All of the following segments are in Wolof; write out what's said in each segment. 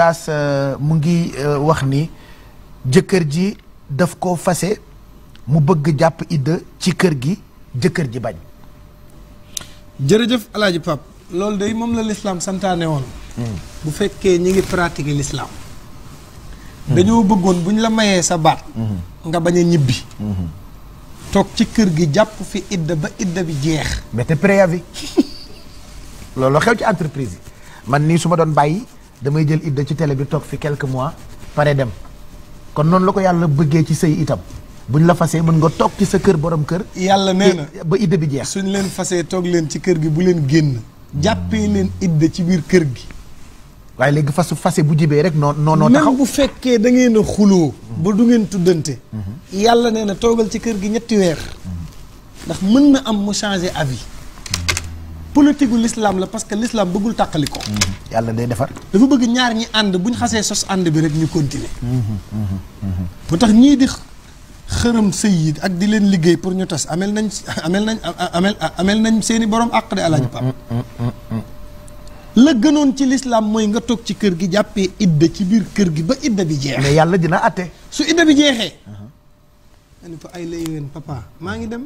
oustaz euh, mu ngi euh, wax ni jëkkër ji daf ko fase mu bëgg jàpp idda ci kër gi jëkkër ji bañ jërëjëf alaaji pap loolu de moom la lislaam santaane woon hmm. bu fekkee ñu ngi pratiquer lislaam hmm. dañoo bëggoon bu ñu la mayee sa baat hmm. nga bañ a ñibbi toog ci kër gi jàpp fi idda ba idda bi jeex mais te préavis loolu xew ci entreprise yi man ni su ma doon bàyyi damay jël idda ci télé bi toog fi quelques mois pare dem kon noonu la ko yàlla bëggee ci sëy itam buñ la fasee mën nga toog ci sa kër borom kër. yàlla nee na ba idda bi jeex. suñ leen fasee toog leen ci kër gi bu leen génn. jàppee leen idda ci biir kër gi. waaye léegi fasu fase bu jibee rek noo noo noo taxaw bu fekkee da ngeen a xuloo. ba du ngeen tuddante. Mhm. yàlla nee na toogal ci kër gi ñetti weer. Mhm. ndax mën na am mu changer avis. politique lislaam la parce que l'islam bëggul tàqali ko. Mhm. yàlla day defar. dafa bëgg ñaar ñi ànd bu ñu xasee sos ànd bi rek ñu continuer. Mhm, mhm, bu tax ñii di xërëm sëy yi ak di leen liggéey pour ñu tas amel nañ amel nañ amel amel nañ seeni borom àq de alaaji Pape. Mm, mm, mm, la gënoon ci lislaam mooy nga toog ci kër gi jàppee idda ci biir kër gi ba idda bi jeex. mais yàlla dina àtte. su idda bi jeexee. ko ay la yéwén maa ngi dem.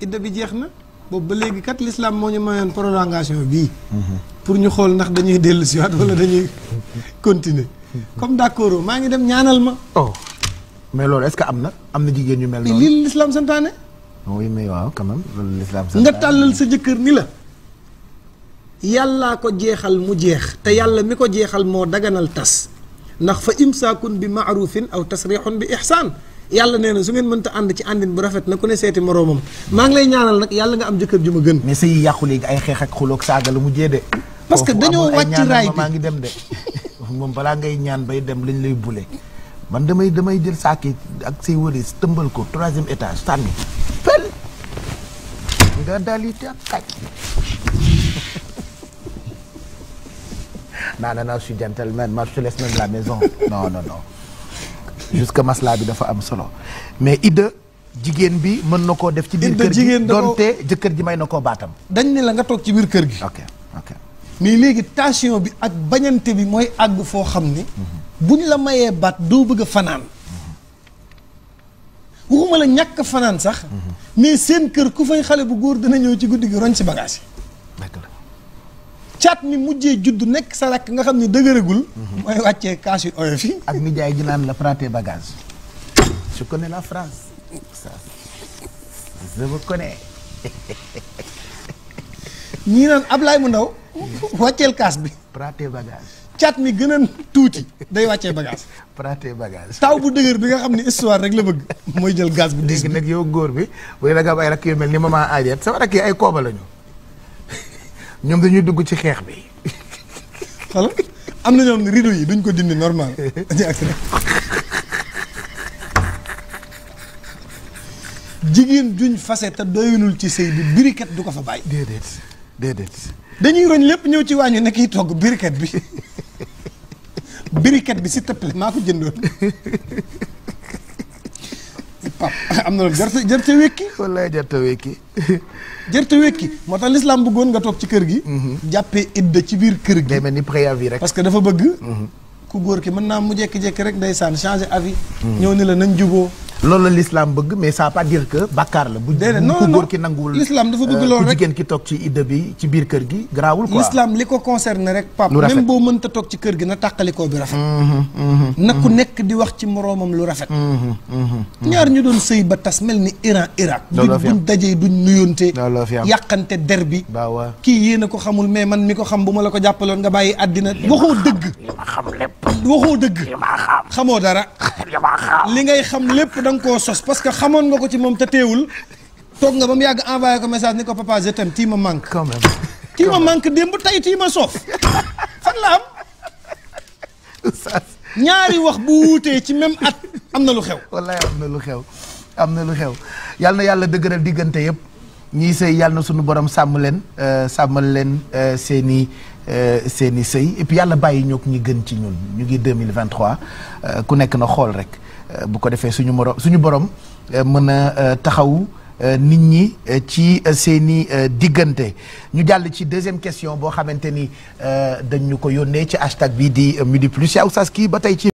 idda bi jeex na. boobu ba léegi kat l'islam moo ñu mayoon prolongation bii. pour ñu xool ndax dañuy dellu si waat wala dañuy continuer. comme d'accord maa ngi dem ñaanal ma. oh mais loolu est-ce que am na am na jigéen ñu mel. noonu lii l'islam santaane. oui mais waaw quand même loolu l'islam santaane nga tàllal sa jëkkër ni la. yàllaa ko jeexal mu jeex te yàlla mi ko jeexal moo daganal tas ndax fa imsaakun bi maarufin aw tasrixun bi ixsaan yàlla nee na su ngeen mënta ànd ci àndin bu rafet na ku ne seeti moroomam maa ngi lay ñaanal nag yàlla nga am jëkkër ju ma gën mais sëy yàqu léegi ay xeex ak xuloog saaga la de parce que dañoo wàcc raay bi maa ngi dem de moom balaa ngay ñaan bay dem lañ lay bule man damay damay jël saaki ak say wëris tëmbal ko troisième étage sànni pel nga daal yi te kaj non non non je suis gentleman je te maison non non non jusque maslaa bi dafa am solo mais idda jigéen bi mën na koo def ci biir kër gi donte jëkkër ji may na koo baatam dañ ne la nga toog ci biir kër gi ok ok mais léegi tension bi ak bañante bi mooy àgg foo xam ni bu ñu la mayee baat doo bëgg fanaan waxuma la ñàkk fanaan sax mhm. mais seen kër ku fay xale bu góor dina ñëw ci guddi gi roñ si bagage yi caat mi mujjee judd nekk sa rakk nga xam ne dëgëragul. Mhm. mooy wàccee kaas yu oyof yi. ak nijaay ji naan la prêter bagage. la France. ça je me connais. ñii naan Ablaye mu ndaw. Mhm. wàcceel kaas bi. prêter bagage. caat mi gën a tuuti day wàccee bagage. prêter bagage. taw bu dëgër bi nga xam ne histoire rek la bëgg. mooy jël gaz bu dis bi léegi nag yow góor bi. bu dee da nga am ay rakk yu mel ni maman Aliette sama rakk yi ay kooba lañu. ñoom dañuy dugg ci xeex bi. xala am na ñoom rideau yi duñ ko dindi normal dañuy accident. jigéen juñ fase te doyulul ci sëy bi briquet du ko fa bàyyi. déedéet dañuy roñ lépp ñëw ci waañu ne kiy togg briquet bi briquet bi si te plaît maa ko jëndoon. pap am na loolu jërte jërte wekki wallaay jërte wekki jërte wekki moo tax lislaam bëggoon nga toog ci kër gi mhm. jàppee idda ci biir kër gi day mel ni préavis rek parce que dafa bëgg mhm. ku góor ki mën naa mu jekki-jekki rek ndeysaan changer avis mhm. ñëw ni la nañ juboo loolu la l'islam bëgg mais ça pas dire que bàkkaar la bu ko góor ki nanguwul l'islam dafa bëgg euh, loolu rek jigéen ki toog ci idda bi ci biir kër gi garaawul quoi li ko concerne rek pap même boo mënta toog ci kër gi na tàqalikoo bi rafet na ku nekk di wax ci moroomam lu rafet ñaar ñu doon sëy ba tas mel ni Iran Irak buñ daje duñ nuyonte yàqante der bi kii yéen a ko xamul mais man mi ko xam bu ma la ko jàppaloon nga bàyyi àddina waxoo dëgg waxoo dëgg xamoo dara li ngay xam lépp da nga sos parce que xamoon nga ko ci moom te teewul toog nga ba mu yàgg envoyé ko message ni ko papa je t'aime tii ma manque manque démb tey tii ma soof fan la am ñaari wax bu wuutee ci même at am na lu xew wallaay am na lu xew am na lu xew yàlla na yàlla dëgëral diggante yëpp ñii sëy yàlla na suñu borom sàmm leen euh, sàmmal leen seen i seen i sëy et yàlla bàyyi ñoog ñi gën ci ñun ñu ngi mille 2023 euh, ku nekk na xool rek euh, bu ko defee suñu morom suñu borom mën a taxaw nit ñi ci seeni diggante ñu jàll ci deuxième question boo xamante ni dañ ñu ko yónnee ci hashtag bi di Midi Plus yaa oustaz ba tey ci